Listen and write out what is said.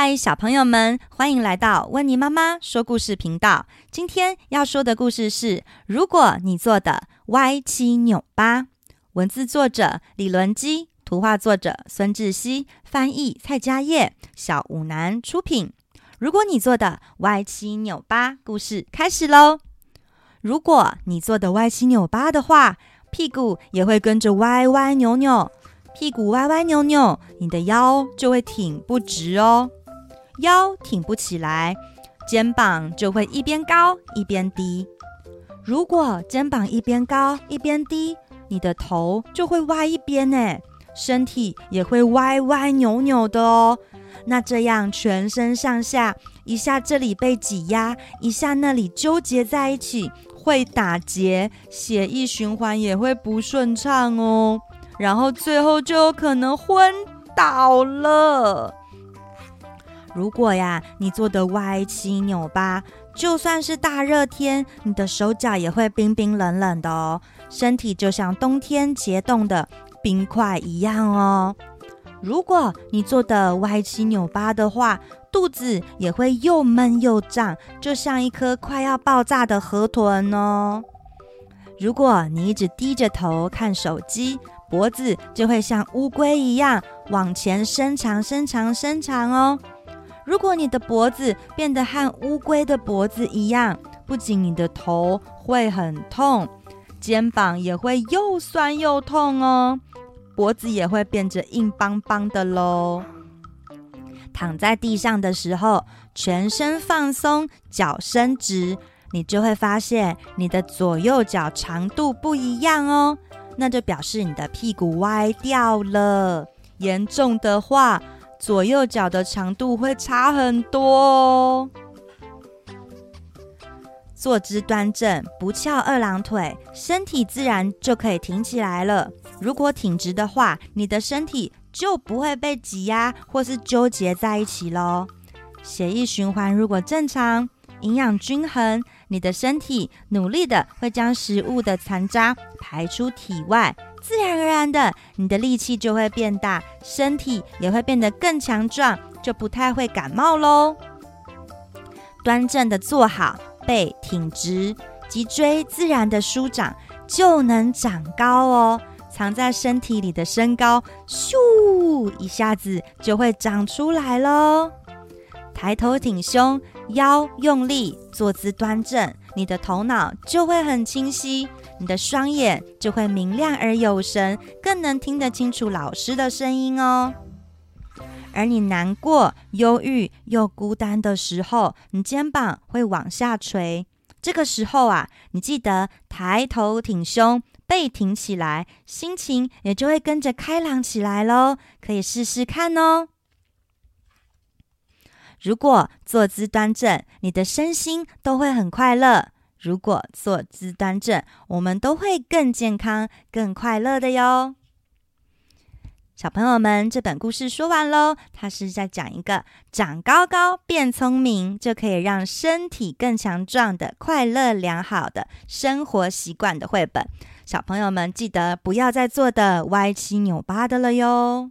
嗨，小朋友們，歡迎來到溫妮媽媽說故事頻道。今天要說的故事是《如果你坐得歪七扭八》，文字作者李侖姬，圖畫作者孫智熙，翻譯蔡佳燁，小五南出品。如果你坐得歪七扭八，故事開始嘍。如果你坐得歪七扭八的話，屁股也會跟着歪歪扭扭，屁股歪歪扭扭，你的腰就會挺不直哦。腰挺不起來，肩膀就會一邊高一邊低。如果肩膀一邊高一邊低，你的頭就會歪一邊哎，身體也會歪歪扭扭的哦。那這樣全身上下，一下這裡被擠壓，一下那裡糾結在一起，會打結，血液循環也會不順暢哦。然後最後就有可能昏倒了。如果呀，你坐得歪七扭八，就算是大熱天，你的手腳也會冰冰冷冷的哦，身體就像冬天結凍的冰塊一樣哦。如果你坐得歪七扭八的話，肚子也會又悶又脹，就像一顆快要爆炸的河豚哦。如果你一直低着頭看手機，脖子就會像烏龜一樣往前伸長、伸長、伸長哦。如果你的脖子變得和烏龜的脖子一樣，不僅你的頭會很痛，肩膀也會又酸又痛哦，脖子也會變得硬邦邦的嘍。躺在地上的時候，全身放鬆，腳伸直，你就會發現你的左右腳長度不一樣哦，那就表示你的屁股歪掉了，嚴重的話，左右腳的長度會差很多哦。坐姿端正，不翹二郎腿，身體自然就可以挺起來了。如果挺直的話，你的身體就不會被擠壓或是糾結在一起咯。血液循環如果正常，營養均衡，你的身體努力的會將食物的殘渣排出體外，自然而然的，你的力氣就會變大，身體也會變得更強壯，就不太會感冒咯。端正的坐好，背挺直，脊椎自然的舒展，就能長高哦。藏在身體裡的身高，咻，一下子就會長出來咯。抬頭挺胸，腰用力，坐姿端正，你的頭腦就會很清晰，你的雙眼就會明亮而有神，更能聽得清楚老師的聲音哦。而你難過、憂鬱又孤單的時候，你肩膀會往下垂。這個時候啊，你記得抬頭挺胸，背挺起來，心情也就會跟着開朗起來嘍。可以試試看哦。如果坐姿端正，你的身心都會很快樂。如果坐姿端正，我們都會更健康、更快樂的喲。小朋友們，這本故事說完嘍，它是在講一個長高高、變聰明，就可以讓身體更強壯的快樂良好的生活習慣的繪本。小朋友們，記得不要再坐得歪七扭八的了喲。